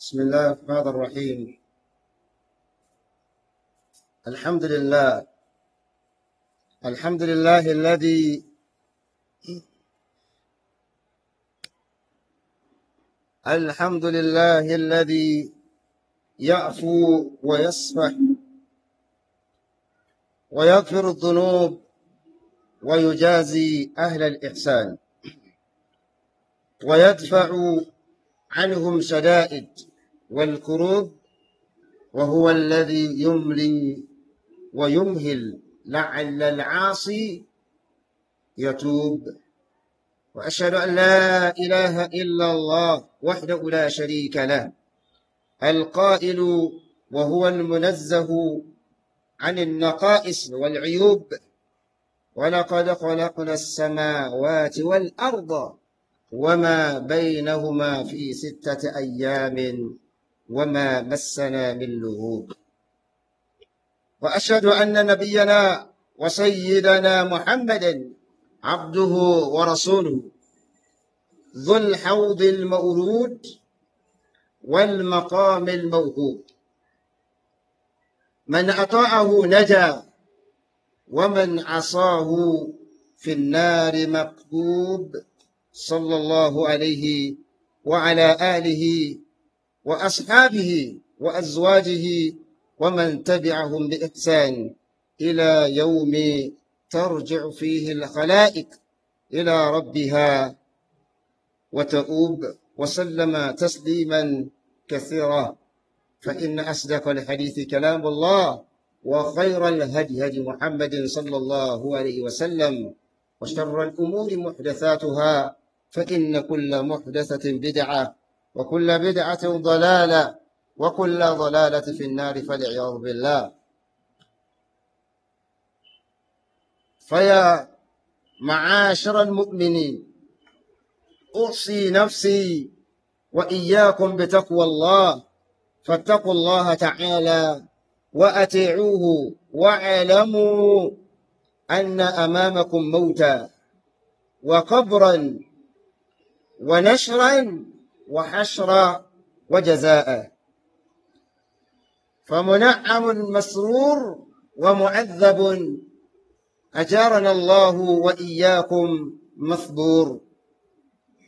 بسم الله الرحمن الرحيم الحمد لله الحمد لله الذي الحمد لله الذي يعفو ويصفح ويغفر الذنوب ويجازي أهل الإحسان ويدفع عنهم شدائد والكروب وهو الذي يملي ويمهل لعل العاصي يتوب واشهد ان لا اله الا الله وحده لا شريك له القائل وهو المنزه عن النقائص والعيوب ولقد خلقنا السماوات والارض وما بينهما في سته ايام وما مسنا من لغوب واشهد ان نبينا وسيدنا محمدا عبده ورسوله ذو الحوض المورود والمقام الموهوب من اطاعه نجا ومن عصاه في النار مكتوب صلى الله عليه وعلى اله وأصحابه وأزواجه ومن تبعهم بإحسان إلى يوم ترجع فيه الخلائق إلى ربها وتؤوب وسلم تسليما كثيرا فإن أصدق الحديث كلام الله وخير الهدي هدي محمد صلى الله عليه وسلم وشر الأمور محدثاتها فإن كل محدثة بدعة وكل بدعة ضلالة وكل ضلالة في النار فالعياذ بالله فيا معاشر المؤمنين أوصي نفسي وإياكم بتقوى الله فاتقوا الله تعالى وأتيعوه واعلموا أن أمامكم موتا وقبرا ونشرا وحشرا وجزاء فمنعم مسرور ومعذب أجارنا الله وإياكم مثبور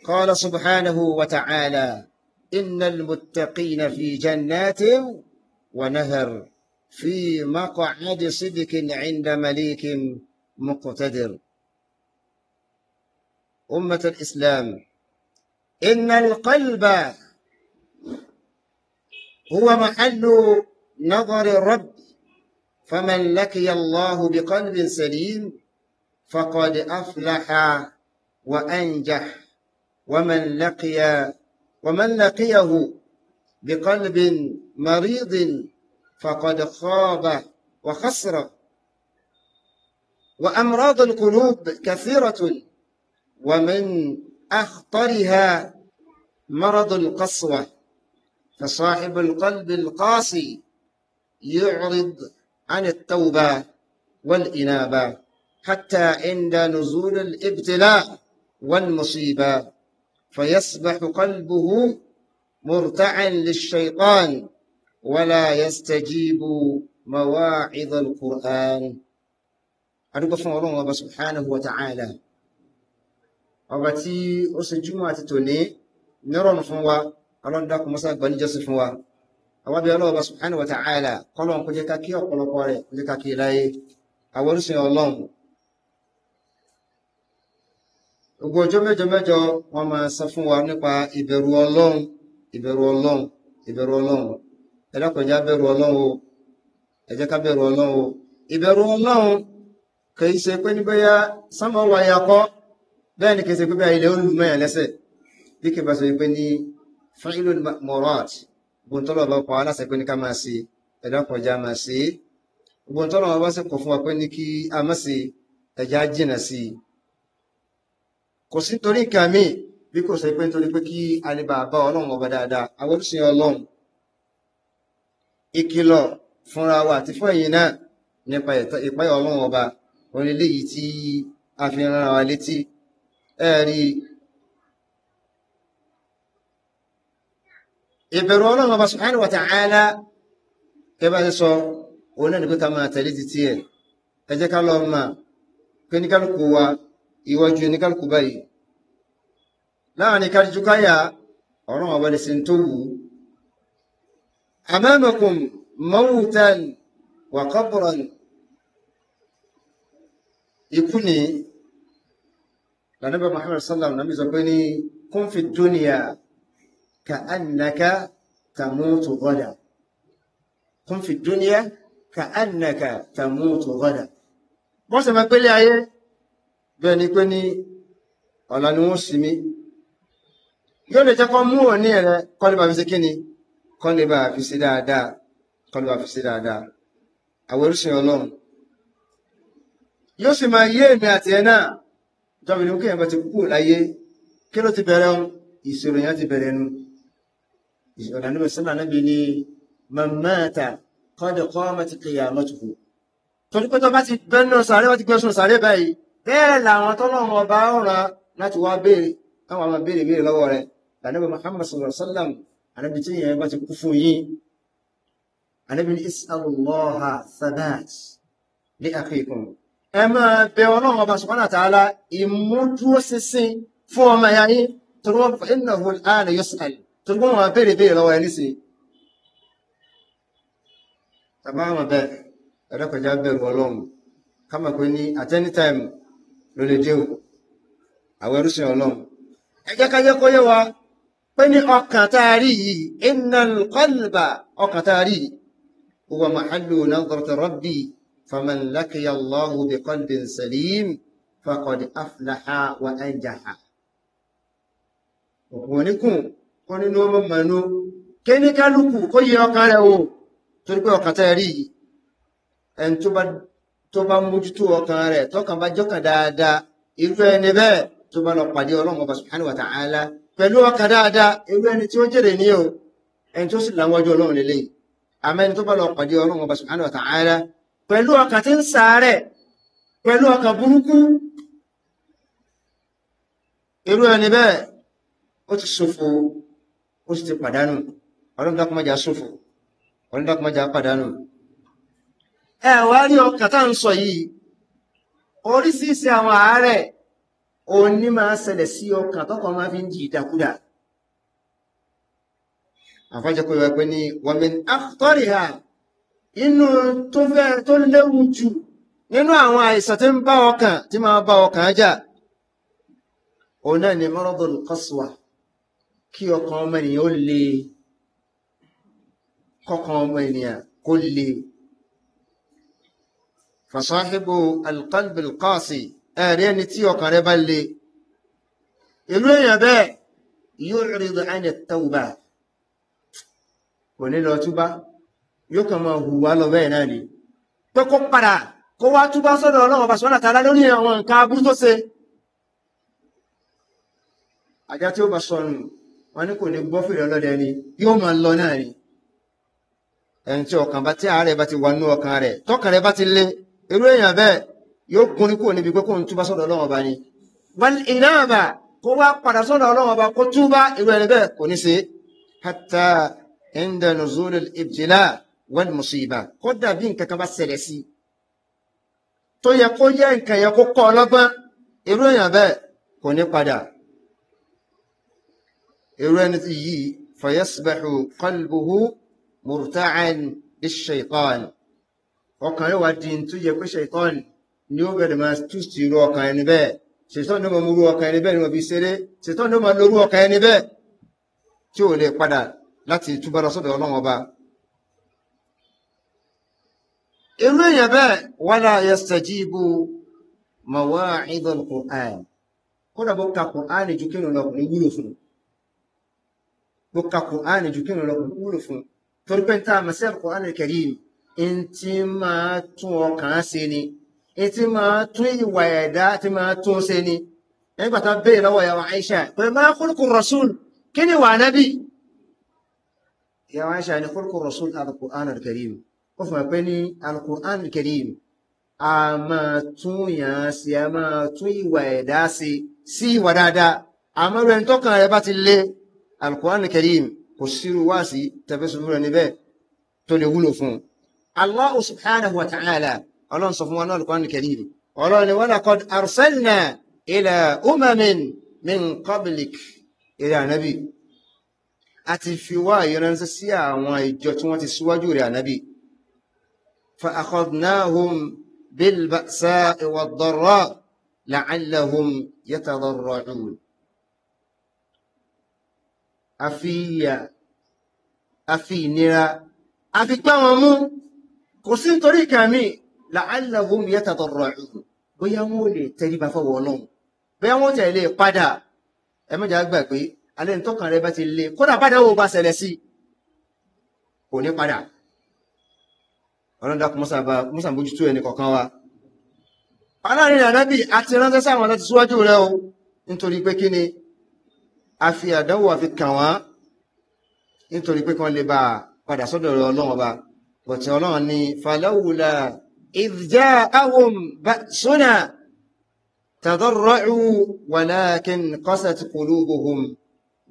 قال سبحانه وتعالى إن المتقين في جنات ونهر في مقعد صدق عند مليك مقتدر أمة الإسلام إن القلب هو محل نظر الرب فمن لقي الله بقلب سليم فقد أفلح وأنجح ومن لقي ومن لقيه بقلب مريض فقد خاب وخسر وأمراض القلوب كثيرة ومن أخطرها مرض القسوة فصاحب القلب القاسي يعرض عن التوبة والإنابة حتى عند نزول الابتلاء والمصيبة فيصبح قلبه مرتعا للشيطان ولا يستجيب مواعظ القرآن أدوك الله سبحانه وتعالى ọba tí ó ṣe júmọ́ àti tòní nírọ̀rùn fún wa mọ́sá wa àwọn abẹ́ ọlọ́run bá subhanahu wa ta'ala kọ́lọ́n kó jẹ́ ká kí ọ̀pọ̀lọpọ̀ rẹ̀ kó jẹ́ ká kí láyé àwọn orísun ọlọ́run gbogbo ọjọ́ mẹ́jọ mẹ́jọ wọ́n máa sọ fún wa nípa ìbẹ̀rù ọlọ́run ìbẹ̀rù ọlọ́run ìbẹ̀rù ọlọ́run bẹ̀rù ọlọ́run o ká bẹ̀rù ọlọ́run o ìbẹ̀rù ọlọ́run kì í bẹ́ẹ̀ ni kẹsẹ̀ pípẹ́ ilẹ̀ olùmọ̀yàn lẹ́sẹ̀ bí kì bá sọ pé ní fa'ilul ma'murat gbọ́ntọ́lọ̀ bá pa aláṣẹ pé ní ká máa ṣe ẹ̀dá kọjá máa ṣe gbọ́ntọ́lọ̀ bá sì kọ̀ fún wa pé ní kí a má ṣe ẹ̀já jìnà sí i kò sí torí nǹkan míì bí kò sọ pé nítorí pé kí alibà bá ọlọ́run ọba dáadáa àwọn ọlọ́run ìkìlọ̀ fúnra wa àti fún ẹ̀yin náà nípa ìpáyà ọlọ́run ọba orílẹ̀ yìí tí a fi rán wa létí ẹ̀rí ìbẹ̀rù ọlọ́run ọba subhanahu wa ta'ala kẹba ti sọ òun náà nígbà tá a máa tẹ̀lé títí ẹ̀ ẹ jẹ́ ká lọ mà pé oníkálukú wa ìwọ́jú oníkálukú báyìí láàrin kájú káyà ọ̀rọ̀ ọba lè sin tó wù ú. أمامكم موتا وقبرا يكوني lànàbà Muhammad sallam nàbí sọ pé ní kún fi dúnìyà ka annaka tamutu gọ́dà kún fi dúnìyà ka annaka tamutu gọ́dà wọ́n sì máa pélé ayé bẹ́ẹ̀ ni pé ní ọ̀la ni wọ́n sinmi yóò lè jẹ́ kó mú òní rẹ kọ́ lè fi ṣe kí ni kọ́ fi ṣe dáadáa kọ́ fi ṣe dáadáa àwọn orísun ọlọ́run yóò sì máa yé èmi àti ẹ náà tọ́bi ni kéèyàn bá ti kú láyé kí ló ti bẹ̀rẹ̀ ìṣòro yẹn ti bẹ̀rẹ̀ nu ìṣòro àníbi sọ́nà níbi ni mamata kọ́dọ̀ kọ́ ọmọ ti kéèyàn mọ́tòkò torí pé tó bá ti bẹ́ nù sàárẹ̀ wọ́n ti gbé sùn sàárẹ̀ báyìí bẹ́ẹ̀ làwọn tọ́lọ́mọ ọba ọ̀ràn láti wá béèrè káwọn ọmọ béèrè béèrè lọ́wọ́ rẹ̀ lànàbà Muhammad sallallahu alaihi wa sallam ànàbì tí yẹn bá ti kú fún yín ànàbì ni is'alullaha thabat li akhikum ẹ máa bẹ ọlọ́run ọba subhanahu wa ta'ala ìmúdúróṣinṣin fún ọmọ ẹ̀yà yín torí wọn fọ ẹnà wọn àná yóò sàlẹ̀ torí wọn máa béèrè béèrè lọ́wọ́ ẹni sí. tàbá àwọn bẹ́ẹ̀ ẹ̀rẹ́kọ̀já bẹ̀rù ọlọ́run ká mọ̀ pé ní at any time ló lè dé o àwọn ẹrú sìn ọlọ́run. ẹ jẹ́ ká yẹ kó yé wa pé ní ọkàn tá a rí yìí innal ọkàn tá a rí yìí huwa mahallu nadrati rabbi yìí. فمن لقي الله بقلب سليم فقد أفلح وأنجح òkùnrinkùn kọ́ nínú ọmọ mọ̀nú ké ní kálukú kó yẹ ọkàn rẹ̀ o torí pé ọkàn tẹ́ rí yìí ẹni tó bá mójútó ọkàn rẹ̀ tọkàn bá jọ́kàn dáadáa irú ẹni bẹ́ẹ̀ tó bá lọ pàdé ọlọ́run ọba subhanahu wa ta'ala pẹ̀lú ọkàn dáadáa irú ẹni tí ó jèrè ní o ẹni tó sì làwọn ọjọ́ ọlọ́run lélẹ́yìn àmọ́ ẹni tó bá lọ pàdé ọlọ́run ọba subhanahu wa ta'ala pẹ̀lú ọkàn tí ń ṣàárẹ̀ pẹ̀lú ọkàn burúkú irú ẹni bẹ́ẹ̀ ó ti ṣòfò ó sì ti pàdánù ọlọ́run dákun má jẹ́ á ṣòfò ọlọ́run dákun má jẹ́ á pàdánù. ẹ wá rí ọkàn tá à ń sọ yìí oríṣiríṣi àwọn àárẹ̀ òní máa ṣẹlẹ̀ sí ọkàn tọkàn máa fi ń di ìdàkudà. àfájọpọ̀ ìwà pé ní wàmí àtọ́rì ha inú tó fẹ́ tó léwu jù nínú àwọn àìsàn tí ń bá ọkàn tí máa bá ọkàn jà òun náà ni maradul qaswa kí ọkàn ọmọ ènìyàn ó le kọkàn ọmọ ènìyàn kó le fasahibu alqalbi alqasi ẹ̀rí ẹni tí ọkàn rẹ bá le ìlú èèyàn bẹ́ẹ̀ yu'ridu 'ani at-tawba kò ní lọ túbá yóò kàn máa hùwà lọ bẹ́ẹ̀ náà ni pé kó padà kó wá túbá sọ́dọ̀ ọlọ́run ọba sọ́dọ̀ tààlà lórí àwọn nǹkan aburú tó ṣe àjá tí ó bá sọnù wọn ní kò ní gbọ́ fèrè ọlọ́dẹ ni yóò máa lọ náà ni ẹni tí ọkàn bá tí àárẹ̀ bá ti wà nú ọkàn rẹ̀ tọkàn rẹ̀ bá ti le irú èèyàn bẹ́ẹ̀ yóò gun ní kúrò níbi pé kó ń túbá sọ́dọ̀ ọlọ́run ọba ni wọn iná àbà kó wá padà sọ́dọ̀ ọlọ́run ọba kó túbá irú ẹni bẹ́ẹ̀ kò ní ṣe hatta inda ibtila wal musiba kódà bí nǹkan kan bá ṣẹlẹ̀ sí i tó yẹ kó yẹ nǹkan yẹ kó kọ́ ọlọ́gbọ́n irú èèyàn bẹ́ẹ̀ kò ní padà irú ẹni tí yìí fayasbahu qalbuhu murta'an bish-shaytan ọkàn yóò wá di tó yẹ pé ṣètọ́n ni ó bẹ̀rẹ̀ máa tú sí irú ọkàn ẹni bẹ́ẹ̀ ṣètọ́n ni ó máa mú irú ọkàn ẹni bẹ́ẹ̀ ni wọ́n fi ṣeré ṣètọ́n ni ó máa lo irú ọkàn ẹni bẹ́ẹ̀ tí ò lè padà láti túbọ̀ lọ sọ́dọ̀ ọlọ́run ọba irú èèyàn bẹ́ẹ̀ wala yastajibu mawa'idh al-Qur'an kódà bó ka Qur'an ju kí lọ kò ní wúlò fún bó ka Qur'an ju kí lọ kò ní wúlò fún torí pé tá a mọ̀ sí al-Qur'an al-Karim ń ti máa tún ọkàn ṣe ni ti máa tún ìwà ẹ̀dá ti máa tún ṣe ni nígbà tá Aisha pé máa khuluqu rasul kí ni wà nábì ìyàwó Aisha ni khuluqu rasul al-Qur'an al-Karim ó fi hàn pé ní alukur'an karim a máa tún yàn án sí a máa tún ìwà ẹ̀dá sí sí ìwà dáadáa àmọ́ rẹ̀ ń tọ́kàn rẹ̀ bá ti lé alukur'an karim kò sírú wá sí tẹ̀fẹ́sùn rẹ̀ níbẹ̀ tó lè wúlò fún un. Allah subhanahu wa ta'ala ọlọ́run sọ fún wa náà Al-Qur'an Al-Karim ọlọ́run ni wa laqad arsalna ila umamin min qablik eré ànábì a fi wá ìránṣẹ́ sí àwọn ìjọ tí wọ́n ti síwájú rẹ̀ ànábì فأخذناهم بالبأساء والضراء لعلهم يتضرعون أفي أفي نرى أفي تمامو كسين طريقة مي لعلهم يتضرعون bóyá wọn ò lè tẹríba fọwọ́ náà bóyá wọn tẹ̀ lè padà ẹ mọ̀jà gbà pé alẹ́ nítọ́kàn rẹ bá ti lè kódà padà wo bá ṣẹlẹ̀ sí kò ní padà ọlọ́dàkùn mọ́sàn bójútó ẹni kọ̀ọ̀kan wa aláàrin ànábì àti ránṣẹ́ sáwọn láti síwájú rẹ o nítorí pé kí ni a fi àdánwò àfi kàn nítorí pé kí lè bá padà sọ́dọ̀ rẹ ọlọ́run ọba bọ̀tẹ̀ ọlọ́run ni falawula ìjà ahum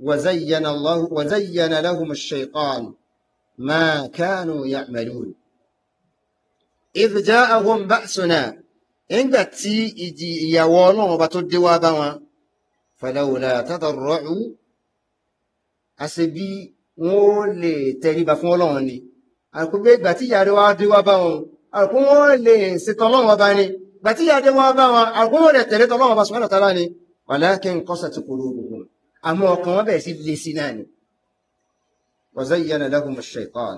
وزين الله وزين لهم الشيطان ما كانوا يعملون idh ja'ahum ba'suna nígbà tí ìjì ìyàwó ọlọ́run ọba tó dé wá bá wọn falawla tadarra'u àṣebí wọn ò lè tẹríba fún ọlọ́run ni àrùkú pé ìgbà tí ìyàrá wa dé wá bá wọn àrùkú wọn ò lè ṣetán ọlọ́run ọba ni ìgbà tí ìyàrá wa bá wọn àrùkú wọn ò lè tẹ̀lé tọ́lọ́run ọba subhanahu wa ta'ala ni walakin qasat qulubuhum àmọ́ ọkàn wọn bẹ̀rẹ̀ sí lè sí náà ni wa zayyana lahumu ash-shaytan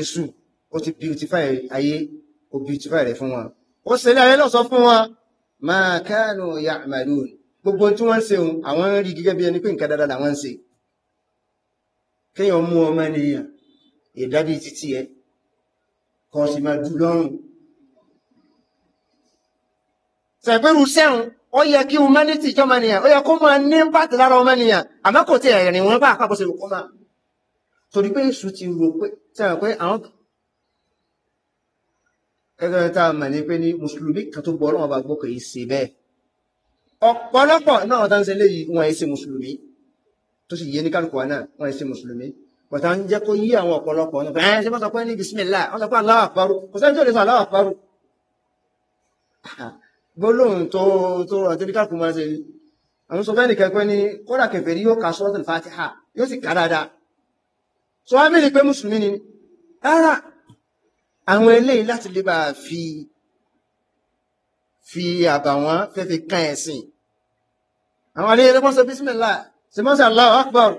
èṣù ó ti beautify ayé ó beautify rẹ̀ fún wọn ó ṣẹlẹ̀ ayé lọ́sọ fún wọn máa káànù ya'malun gbogbo tí wọ́n ń ṣe òun àwọn ń rí gẹ́gẹ́ bí ẹni pé nǹkan dáadáa làwọn ń ṣe kéèyàn mú ọmọ ènìyàn ìdábí títí ẹ kọ́ sì máa dù lọ́rùn sẹ̀pẹ́rù sẹ́rùn ó yẹ kí humanity jọ́ mọ́nìyàn ó yẹ kó máa ní bàtì lára ọmọ ènìyàn àmọ́ kò tí ẹ̀rìn wọn bá àpapọ̀ sí kó máa torí pé èṣù ti rò pé sẹ́wọ̀n pé àwọn ẹgbẹ́ tá a mọ̀ ní pé ní mùsùlùmí kan tó gbọ́ ọlọ́wọ́n bá gbọ́ kò í ṣe bẹ́ẹ̀ ọ̀pọ̀lọpọ̀ náà tá ń ṣe léyìí wọn ẹ̀ ṣe mùsùlùmí tó sì yé ní kálukú wa náà wọn ẹ̀ ṣe mùsùlùmí bàtà ń jẹ́ kó yí àwọn ọ̀pọ̀lọpọ̀ náà ẹ̀ ṣe bá sọ pé ní bisimilá wọn sọ pé Allahu Akbar kò sẹ́ni tó lè sọ Allahu Akbar gbólóhùn tó tó rọ̀ tó bí kálukú máa ṣe àwọn sọ fẹ́ni kẹ́kọ́ ní kódà kẹfẹ́ yóò ka sọ́ọ́tì Fatiha yóò sì ká dáadáa sọ wá mí ni pé mùsùlùmí ni rárá àwọn eléyìí láti lè bá fi fi àbàwọ́n fẹ́ fi kan ẹ̀sìn àwọn eléyìí lọ́pọ̀ sọ bísímìlá sèmọ́sí Allahu Akbar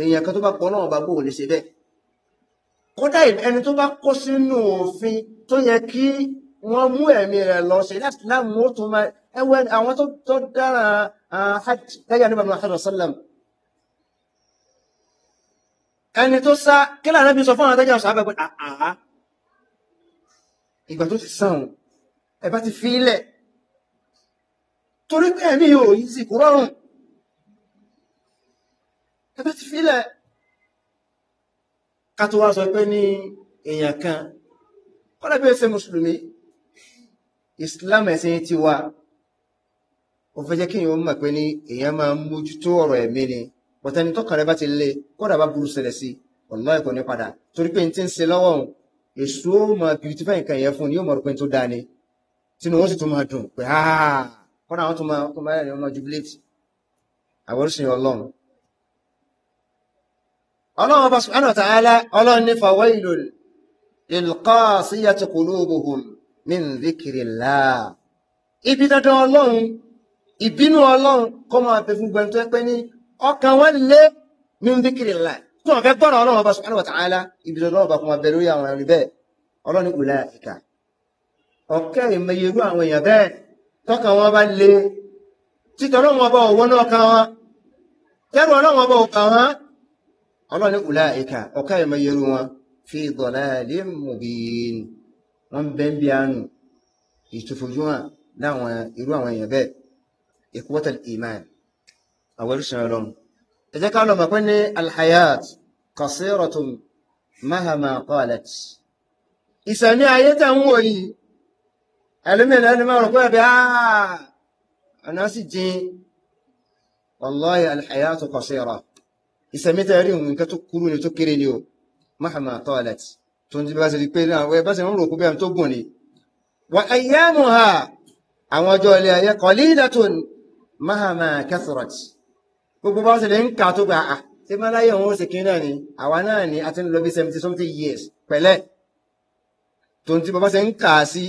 èèyàn kan tó bá pọ̀ náà bá bò lè ṣe bẹ́ẹ̀ kódà ẹni tó bá kó sínú òfin tó yẹ kí wọ́n mú ẹ̀mí rẹ̀ lọ ṣe láti láàmú ó tún máa ẹwẹ́ àwọn tó dára hajj gẹ́gẹ́ ní bàbá Muhammad sallam ẹni tó sá kí lànà bí sọ fún àwọn adájọ́ sọ ìgbà tó ti sàn ò ẹ bá ti fi ilẹ̀ torí pé ẹ̀mí ò yí sì kú rọrùn ti fi ilẹ̀ ká tó wá sọ pé ní èèyàn kan kọ́lá bí ó ṣe islam ẹ̀sìn ti wà ó fẹ́ jẹ́ kí èèyàn mọ̀ pé ní èèyàn máa mójútó ọ̀rọ̀ ẹ̀mí ni bọ̀tẹ́ni tọ́kàn rẹ bá ti le kódà bá burú ṣẹlẹ̀ sí ọ̀nà ẹ̀kọ́ ní padà torí pé ní ti ń ṣe lọ́wọ́ èso ó máa beautify nǹkan yẹn fún ni yóò mọ̀ pé tó dáa ni tínú wọn sì tún máa dùn pé ah, kọ́nà àwọn tó máa tó máa rẹ̀ ọmọ jubilate àwọn orísun ọlọ́run. ọlọ́run ọba subhanahu wa ta'ala ọlọ́run ní fawailul lil qasiyati qulubuhum min dhikrillah. ibi dandan ọlọ́run ìbínú ọlọ́run kọ́ máa pè fún gbẹ̀ntẹ́ pé ní ọkàn wọn lé min dhikrillah tí wọ́n fẹ́ gbọ́rọ̀ ọlọ́run ọba subhanahu wa ta'ala ibi ọlọ́run ọba kò máa bẹ lórí àwọn ẹni bẹ́ẹ̀ ọlọ́run ní wùlá ìkà ọ̀kẹ́ ìmẹyẹ irú àwọn èèyàn bẹ́ẹ̀ tọkàn wọn bá le títọ́ ọlọ́run ọba òwò náà kan wọn tẹ́rù ọlọ́run ọba òkà wọn ọlọ́run ní wùlá ìkà ọ̀kẹ́ ìmẹyẹ irú wọn fi dalalin mubin wọn bẹ́ ń bí àánú ìtòfojúmọ́ láwọn irú àwọn èèyàn bẹ́ẹ̀ ìkúwọ́tà ìmáà àwọn ẹrú sìn ẹ jẹ́ ká lọ mọ̀ pé ní alhayat qasiratun mahama qalat ìsẹ̀mí ayé tẹ̀ ń wò yìí ẹlòmíràn ẹni máa rò pé ẹbí ọ̀nà sì dín wallahi alhayat qasira ìsẹ̀mí tẹ̀ rí nǹkan tó kúrú ni tó kéré ni o mahama qalat tó ń bá ṣe rí pé àwọn ẹbá ṣe ń rò kó bẹ́ẹ̀ tó gùn ni wa ayyamuha àwọn ọjọ́ ilé ayé qalilatun gbogbo bá ṣe lè ń kà tó gba à ah, ṣé máláyé òun ṣe kiri náà ni àwa náà ni a ti ń lọ bí seventy something years pẹ̀lẹ́ tòun tí bàbá ṣe ń kà á sí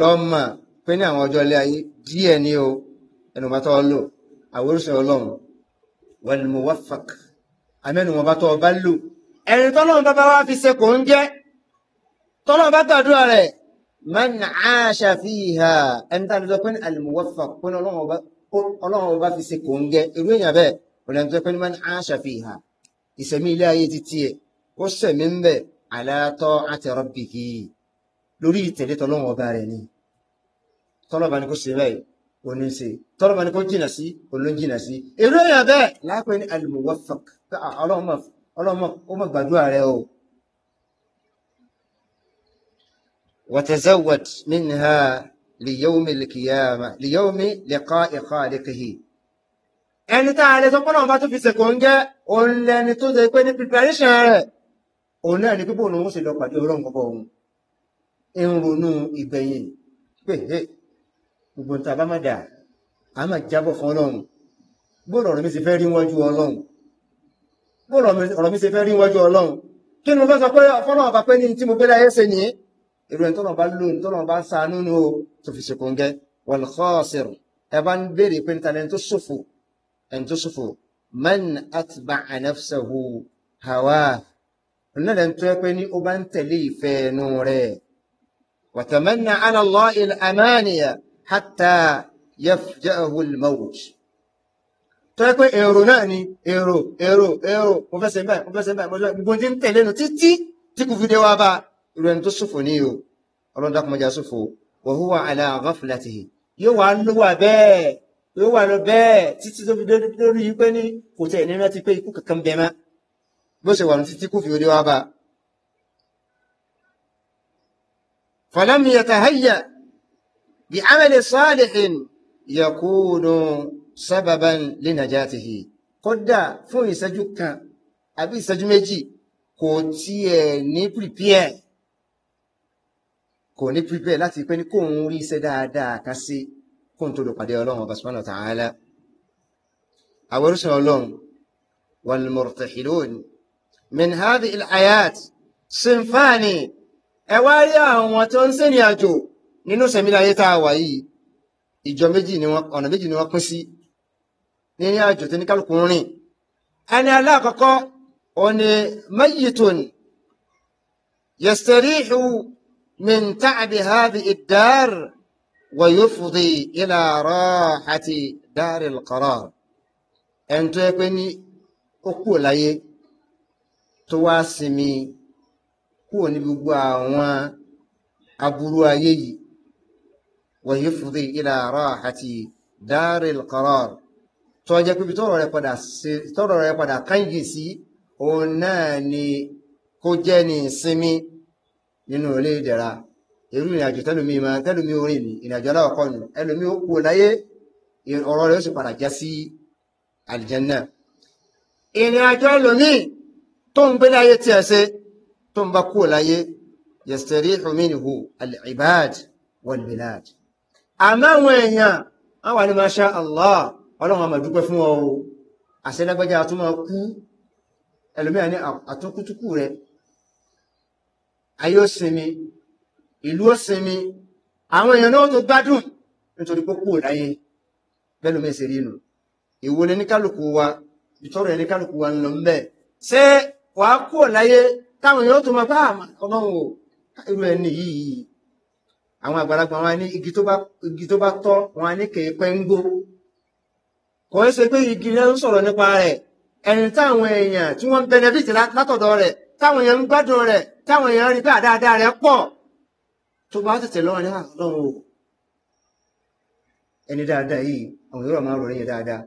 lọ́mọ pé ní àwọn ọjọ́ ilé ayé díẹ̀ ni o ẹnu bá tọ́ ọ lò àwòrán ọlọ́run wal muwaffaq àmẹ́nu wọn bá tọ́ ọ bá lò ẹni tọ́lọ́run bá wá fi ṣe kò ń jẹ́ tọ́lọ́run bá gbàdúrà rẹ̀ man aasha fiha ẹni tá a lè sọ pé ní al muwaffaq pé ọlọ́run ọba fi ṣe kò ń jẹ́ irú èèyàn bẹ́ẹ̀ ولم تكن من عاش فيها يسمي لا يتتي وش من ب على طاعة ربه لوري تلي تلوم وبارني طلب أن يكون وننسي طلب أن يكون جناسي ولن جناسي إيه رأي هذا لكن الموفق اللهم اللهم وما بدو عليه وتزود منها ليوم القيامة ليوم لقاء خالقه ẹni tá a lè sọ pọ́nà bá tó fi sẹ̀kọ̀ ń jẹ́ òun lẹni tó ṣe pé ní preparation rẹ̀ òun náà ni pípò òun ṣe lọ pàdé ọlọ́run kọ́kọ́ òun ń ronú ìgbẹ̀yìn pé gbogbo nta bá má dà á má jábọ̀ fún ọlọ́run gbọ́dọ̀ ọ̀rọ̀ mi ṣe fẹ́ rí wájú ọlọ́run gbọ́dọ̀ ọ̀rọ̀ mi ṣe fẹ́ rí wájú ọlọ́run kí ni mo fẹ́ sọ pé fọ́nà ọba pé ní tí mo gbé láyé ṣe ní èrò ẹ̀ tọ́nà bá lò ní tọ́nà bá ṣàánú ní o tó fi ṣe kòńgẹ́ wal khasir ẹ bá ń béèrè pé níta lẹni tó ṣòfò أن تصفوا من أتبع نفسه nafsahu hawa ọ̀nà rẹ̀ ń في نوره، ní على الله ń حتى ìfẹ́ ẹnu rẹ̀ watamanna ala Allah al-amaniya hatta yafja'ahu al-mawt tọ́ pé èrò náà ni èrò èrò èrò mo fẹ́ ṣe báyìí mo fẹ́ ṣe báyìí mo fẹ́ gbogbo ti tẹ̀lé nu títí tí kò fi dé wá bá irú ẹni tó ṣòfò ní o ọlọ́dún dákúnmọ́jà ṣòfò wa huwa ala ghaflatihi yóò wá lówà bẹ́ẹ̀ yóò wà lọ bẹ́ẹ̀ títí tó fi lórí yìí pé ní kò tẹ̀ ní rántí pé ikú kankan bẹ mọ́ bó ṣe wà ní títí kú fi orí wá bá. فلم يتهيأ بعمل صالح يكون سببا لنجاته kódà fún ìṣẹ́jú kan àbí ìṣẹ́jú méjì kò tiẹ̀ ní prepare kò ní prepare láti pé ní kóun rí iṣẹ́ dáadáa kan sí i kó n tó lè pàdé ọlọ́run ọba subhanahu wa ta'ala àwọn orísun ọlọ́run wal murtahilun min hadhihi al-hayat sinfani ẹ wá rí àwọn tó ń sẹ́ni àjò nínú sẹ̀mílẹ̀ ayé tá a wà yìí ìjọ méjì ni wọn ọ̀nà méjì ni wọ́n pín sí nínú àjò tó ní kálukú rìn ẹni aláàkọ́kọ́ òní mayyitun yastarihu min ta'bi hadhihi ad ويفضي إلى راحة دار القرار ẹni tó yẹ pé ní ó kúrò láyé tó wá sinmi kúrò ní gbogbo àwọn aburú ayé yìí ويفضي إلى راحة دار القرار tó jẹ́ pé ibi tọ́rọ̀ rẹ̀ padà tọ́rọ̀ rẹ̀ padà kánjì sí òun náà ni kó jẹ́ ní ìsinmi nínú ilé ìdẹ̀ra irú ìrìnàjò tẹlumi máa tẹlumi orin ni ìrìnàjò aláwọ̀kọ́ ni ẹlòmí ó kú láyé ọ̀rọ̀ rẹ̀ ó sì padà já sí àlìjẹ́nà ìrìnàjò ẹlòmí tó ń gbé láyé tí a ṣe tó ń bá kú láyé yastarihu minhu al-ibad wal-bilad àmọ́ àwọn èèyàn wọ́n wà ní masha Allah ọlọ́run àmà dúpẹ́ fún ọ o àṣẹlágbájá tó máa kú ẹlòmí àní àtúnkútukú rẹ ayé ó sinmi ìlú ó sinmi àwọn èèyàn náà tó gbádùn nítorí pé kúrò láyé bẹ́ẹ̀ ló mẹ́sẹ̀ rí nù ìwo ni níkàlùkù wa ìtọ́rọ̀ ẹni kálùkù wa ń lọ mbẹ́ ṣé wàá kúrò láyé táwọn èèyàn tó máa bá ah, ọlọ́run o irú ẹni yìí àwọn àgbàlagbà wọn ní igi tó bá tọ́ wọn ní kèé pẹ́ ń gbó kò ń ṣe pé igi náà ń sọ̀rọ̀ nípa rẹ̀ ẹni táwọn èèyàn tí wọ́n ń látọ̀dọ̀ rẹ̀ táwọn èèyàn ń gbádùn rẹ̀ táwọn èèyàn rí pé àdáadáa rẹ̀ pọ̀ tó bá tètè lọ́rùn ní àlọ́run ah, o ẹni dáadáa yìí àwọn yóò máa rọrùn yẹn dáadáa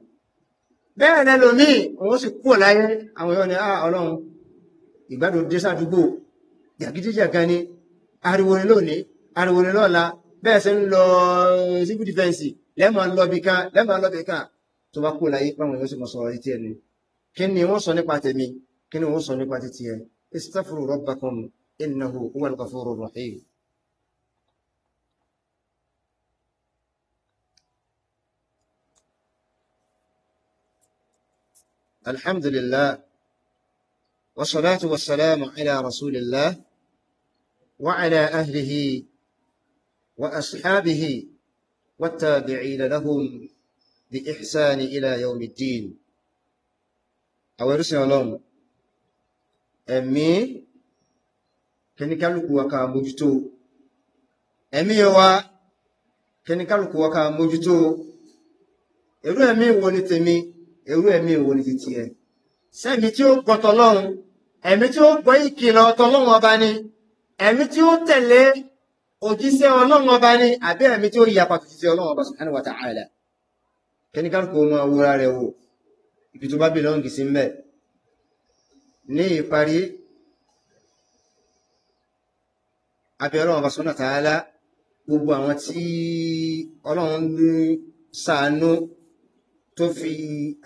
bẹ́ẹ̀ ni ẹlòmíì òun sì kúrò láyé àwọn yóò ní à ọlọ́run ìgbádùn dé sádùúgbò jàgídíjàgan ni ariwo ni lónìí ariwo ni lọ́la bẹ́ẹ̀ sì ń lọ eh, civil defence lẹ́mọ̀ ń lọ́bì kan lẹ́mọ̀ ń lọ́bì kan tó bá kúrò láyé pé yóò sì mọ̀ sọ̀rọ̀ etí ẹni kí ni wọ́n sọ nípa tèmi kí ni wọ́n sọ nípa títí ẹ istaghfiru rabbakum innahu huwal ghafurur rahim الحمد لله والصلاة والسلام على رسول الله وعلى أهله وأصحابه والتابعين لهم بإحسان إلى يوم الدين àwọn ìrúsìn ọlọ́run ẹ̀mí kẹnikálùkù wa ká mójútó ẹ̀mí wa kẹnikálùkù wa ká mójútó irú ẹ̀mí wo ni tèmi ẹrú ẹ̀mí wo ni ti tiẹ̀ sẹ́mi tí ó gbọ́ tọlọ́run ẹ̀mí tí ó gbọ́ ìkìlọ̀ tọlọ́run ọba ni ẹ̀mí tí ó tẹ̀lé òjíṣẹ́ ọlọ́run ọba ni àbí ẹ̀mí tí ó yà pàtó jíṣẹ́ ọlọ́run ọba subhanahu wa ta'ala kẹ́nìkan kò mọ awúra rẹ̀ wò ibi tó bá bí lọ́ngì sí mbẹ́ ní ìparí abẹ́ ọlọ́run ọba subhanahu wa ta'ala gbogbo àwọn tí ọlọ́run ń ṣàánú tó fi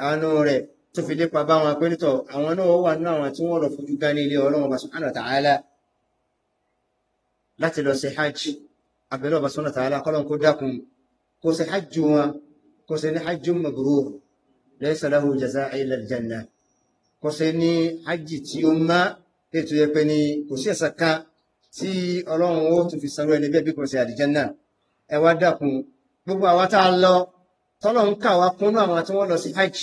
àánú rẹ̀ tó fi lépa bá wọn pé nítọ̀ àwọn náà wà nínú àwọn tí wọ́n lọ fojú gán ní ilé ọlọ́run ọba subhanahu wa ta'ala láti lọ ṣe hajj abẹ́lẹ́ ọba subhanahu wa ta'ala kọ́lọ́n kó dákun kó ṣe hajj wọn kó ṣe ní hajj mabrur laysa lahu jaza illa aljanna kó ṣe ní hajj tí ó má ètò yẹ pé ní kò sí ẹ̀sà kan tí ọlọ́run ó tún fi sanwó ẹni bẹ́ẹ̀ bí kò ṣe àlìjánná ẹ wá dákun gbogbo àwa tá a lọ tọ́lọ̀ ń kà wá kúnnú àwọn tí wọ́n lọ sí hajj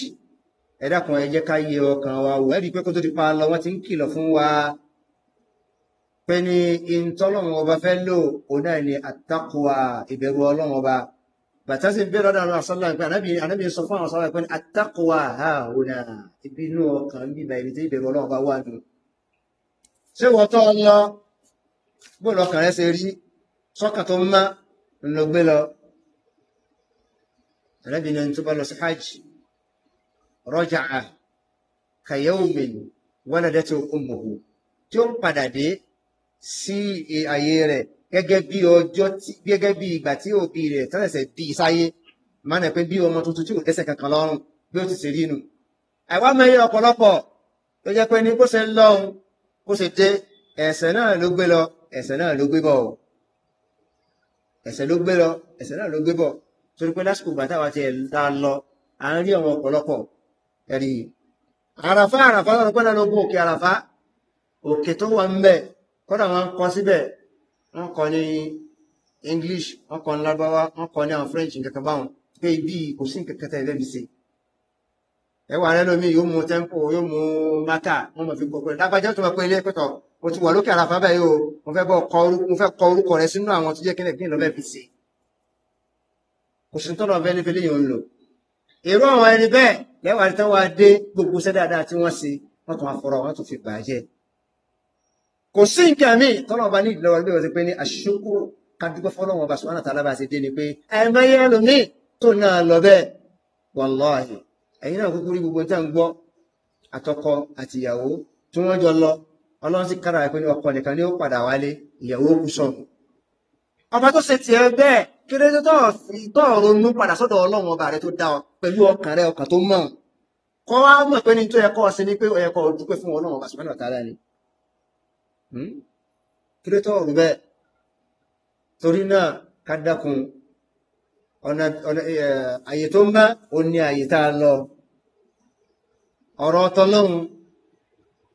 ẹ dákun ẹ ká yẹ ọkàn wa wò ẹ pé kó tó ti pa lọ wọ́n ti ń kìlọ̀ fún wa pé ní ìtọ́lọ́run ọba fẹ́ lò òun náà ni àtàkùwà ìbẹ̀rù ọlọ́run ọba bàtà sì ń ọ̀dọ̀ àwọn àṣọlá pé ànábì sọ fún àwọn àṣọlá pé àtàkùwà ha òun náà ìbínú ọkàn bíbá ibi tí ìbẹ̀rù ọlọ́run ọba wà nù. ṣé wọ́n tọ́ ọ lọ bó lọkàn rẹ ṣe rí sọ́kàn tó ń má ń lọ gbé lọ arábìnrin ẹni tó bá lọ sí hajj rọjà kàyéwòmìn wàlàdẹ́tò ọmọhù tí ó ń padà dé sí ààyè rẹ̀ gẹ́gẹ́ bí ọjọ́ gẹ́gẹ́ bí ìgbà tí òbí rẹ̀ tẹ́lẹ̀sẹ̀ bí sáyé máa ń pẹ́ bí ọmọ tuntun tí ò dẹ́ṣẹ̀ kankan lọ́rùn bí ó ti ṣe rí nu. àwa máa yẹ ọ̀pọ̀lọpọ̀ tó jẹ́ pé ní bó ṣe ń lọ́hùn bó ṣe dé ẹ̀ṣẹ̀ náà ló gbé lọ ẹ̀ṣẹ̀ náà ló gbé bọ̀ ẹ̀ṣẹ̀ ló gbé lọ ẹ̀ṣẹ̀ náà ló gbé bọ̀ torí pé lásìkò ìgbà táwa tiẹ̀ ta lọ à ń rí àwọn ọ̀pọ̀lọpọ̀ ẹ̀rí àràfá àràfá lọ́nà pẹ́ lọ́nà ogún òkè àràfá òkè tó wà ń bẹ̀ kọ́dà wọn kọ síbẹ̀ wọn kọ ní English wọn kọ ní Lárúbáwá wọn kọ ní àwọn French nǹkan báwọn pé ibi kò sí nǹkan kẹta ìlẹ́bi sí ẹ wà rẹ lómi yóò mú tẹ́ńpù yóò mú mákà wọn mọ̀ fi gbọ́ pé lágbájá tó máa pé ilé pẹ̀tọ̀ mo ti wà lókè àràfá báyìí o mo fẹ́ kọ orúkọ rẹ sínú àwọn tó jẹ́ kílẹ̀ kí n fi sí i kò sí tọ́lọ̀ fẹ́ ní fẹ́lẹ́ yìí ń lò èrò àwọn ẹni bẹ́ẹ̀ lẹ́wà tí wọ́n dé gbogbo iṣẹ́ dáadáa tí wọ́n ṣe wọ́n tún afọ́rọ̀ wọ́n tún fi bàjẹ́ kò sí nǹkan míì tọ́lọ̀ bá ní ìdílọ́wọ́ bí wọ́n ti pé ní àṣekú kadúgbò fọlọ́wọ́n bá sùnwọ́n àtàlà bá ṣe dé ni pé ẹ̀mẹ́yẹ ẹlòmíì tó náà lọ bẹ́ẹ̀ wàláhì ẹ̀yin náà kúkú rí gbogbo tá à ń gbọ́ àtọkọ àtìyàwó tí wọ́n jọ lọ ọlọ́run sì kára pé ọkọ nìkan ni ó padà wálé ìyàwó kù sọ̀rọ̀ ọba tó ṣe tiẹ̀ bẹ́ẹ̀ kí ló dé tó ronú padà sọ́dọ̀ ọlọ́run ọba rẹ tó dá ọ pẹ̀lú ọkàn rẹ ọkàn tó mọ̀ kọ́ wá mọ̀ pé ní tó yẹ kọ́ ọ sí ni pé ó yẹ kọ́ ọ dúpẹ́ fún ọlọ́run ọba subhanahu wa ta'ala ni kí ló tó rò bẹ́ẹ̀ torí náà ká dákun àyè tó ń bá ó ní àyè tá a lọ ọ̀rọ̀ ọ̀tọ̀lọ́run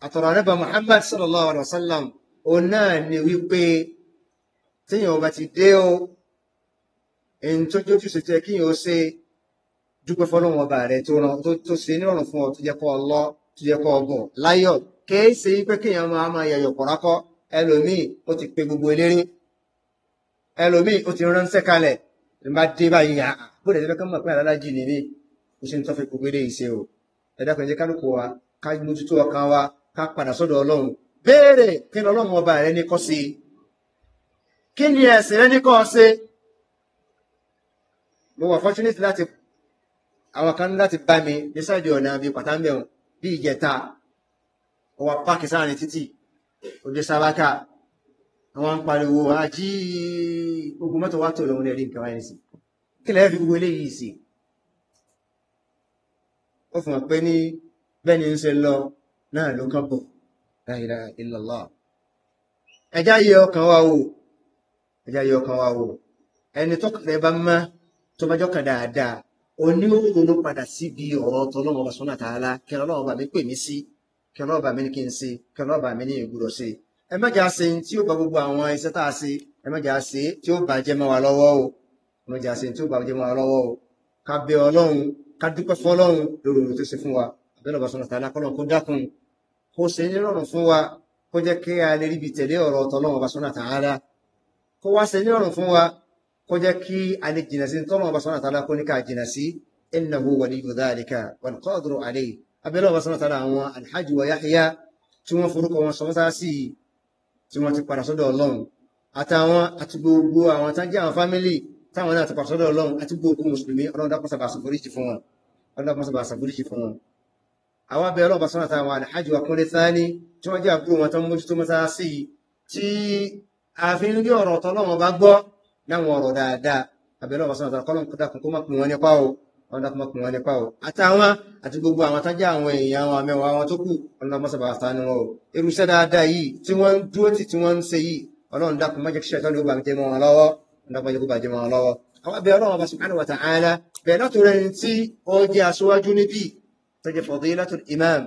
àtọ̀rọ̀ àrẹ́bà Muhammad sallallahu alaihi wa sallam òun oh, náà ni wípé téèyàn ọba ti dé o ẹni tó jójú ṣe tẹ kí yóò ṣe dúpẹ́ fọlọ́run ọba rẹ tó ràn tó ṣe nírọ̀rùn fún ọ tó jẹ́ kó ọ lọ tó jẹ́ kó ọ bọ̀ láyọ̀ kìí ṣe pé kéèyàn máa máa yẹ̀yọ̀ kọ̀rákọ́ ẹlòmíì ó ti pe gbogbo eléré ẹlòmíì ó ti ránṣẹ́ kalẹ̀ ló bá dé báyìí yà á bó kọ́ mọ̀ pé àdálájì nìyí kò sí ní tọ́fẹ́ gbogbo eré ìṣe o ẹ̀dá jẹ́ kálukú wa ká mójútó ọkàn wa ká padà sọ́dọ̀ ọlọ́run béèrè kí ni ọlọ́run ọba rẹ ní kọ́ sí kí ni ẹ̀sìn rẹ ní kọ́ sí mo wà fortunate láti àwọn kan láti bá mi nísàdì ọ̀nà bíi pàtàkì bíi ìjẹta ó wà páàkì sáàrin títì ojú sábàkà àwọn ń pariwo ají ogun mọ́tò wá tó lòun lè rí nǹkan wáyé sí kí lẹ́yìn fi gbogbo eléyìí sí ó fi hàn pé ní bẹ́ẹ̀ ni ń ṣe lọ náà ló kàn bọ̀ la ilaha illallah ẹjá yẹ ọkàn wa wò ẹjá yẹ ọkàn wa wò ẹni tó kàn bá máa tó bá jọ́kàn dáadáa oní ronú padà síbi ọ̀rọ̀ tọ́lọ́mọ ọba sọ́nà tààlà kí ọlọ́run ọba mi pè mí sí kí ọlọ́run ọba mi ní kí n ṣe kí ọlọ́run ọba mi ní ìgbúdọ̀ ṣe ẹ má jà ṣe tí ó gba gbogbo àwọn iṣẹ́ tá a ṣe ẹ má jà ṣe tí ó bàjẹ́ mọ́ wa lọ́wọ́ o ẹ má jà ṣe tí ó bàjẹ́ mọ́ wa lọ́wọ́ o ká bẹ ọlọ́run ká dúpẹ́ fún ọlọ́run lórí ohun tó ṣe fún wa abẹ́rẹ́ ọba sọ̀rọ̀ a lè ríbi tẹ̀lé ọ̀rọ̀ ọ̀tọ̀ ọlọ́run ọba sọ̀rọ̀ tààlà kó wá ṣe ní fún wa kó jẹ́ kí a lè jìnà sí tọ́lọ́ ọba sọ́nà tààlà kó ní ká jìnà sí innahu waliyyu dhalika wal qadiru alayhi abẹ́lẹ́ ọba sọ́nà tààlà àwọn alhaji wa yahya tí wọ́n forúkọ wọn sọmọ́sá sí i tí wọ́n ti padà sọ́dọ̀ ọlọ́run àtàwọn àti gbogbo àwọn tán jẹ́ àwọn fámìlì táwọn náà ti padà sọ́dọ̀ ọlọ́run àti gbogbo mùsùlùmí ọlọ́run dákun sábà ṣàforíjì fún wọn fún wọn. àwọn abẹ́ ọba sọ́nà tààlà àwọn wa kúnlé tání tí wọ́n jẹ́ àbúrò wọn tán mójútó mọ́sá tí àfin rí ọ̀rọ̀ ọ̀tọ̀ ọlọ́run ọba gbọ́ láwọn ọ̀rọ̀ dáadáa àbẹ̀lẹ̀ ọ̀bọ̀sán àtàkọ́ ló ń kó dákun kó má pin wọn nípa o wọn dákun má pin wọn nípa o àtàwọn àti gbogbo àwọn tájà àwọn èèyàn àwọn amẹwàá wọn tó kù ọlọ́run má sábà sànù wọn o irúṣẹ́ dáadáa yìí tí wọ́n ń dúró tì tí wọ́n ṣe yìí ọlọ́run dákun má jẹ́ kí ṣẹ́tọ́ ló bàjẹ́ mọ́ wọn lọ́wọ́ dákun má jẹ́ kó bàjẹ́ mọ́ wọn lọ́wọ́ àwọn abẹ́ ọlọ́run ọba subhanahu wa ta'ala bẹ́ẹ̀ náà tó rẹ̀ ní tí ó níbí tó jẹ́ fadilatul imam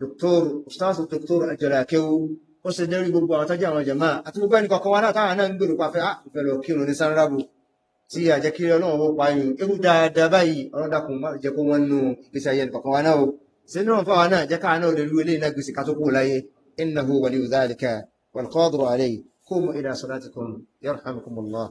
dr ustaz dr aljalakeu ó ṣe lérí gbogbo àwọn tọ́jú àwọn jẹ̀mọ́ àti gbogbo ẹnì kọ̀ọ̀kan wa náà táwọn náà ń gbèrò pàfẹ́ á ìfẹ́ lọ kírun ní sanrabu tí àjẹkí ọlọ́run ó pa yùn ewu dáadáa báyìí ọ̀rọ̀ má jẹ́ kó wọ́n nù ìgbésí ayé ẹnì kọ̀ọ̀kan náà o ṣe ní wọn fáwọn náà jẹ́ káwọn náà lè lu eléyìí náà gbèsè ká tó kú láyé innahu waliyu dhalika wal qadiru alayhi qumu ila salatikum yarhamukumullah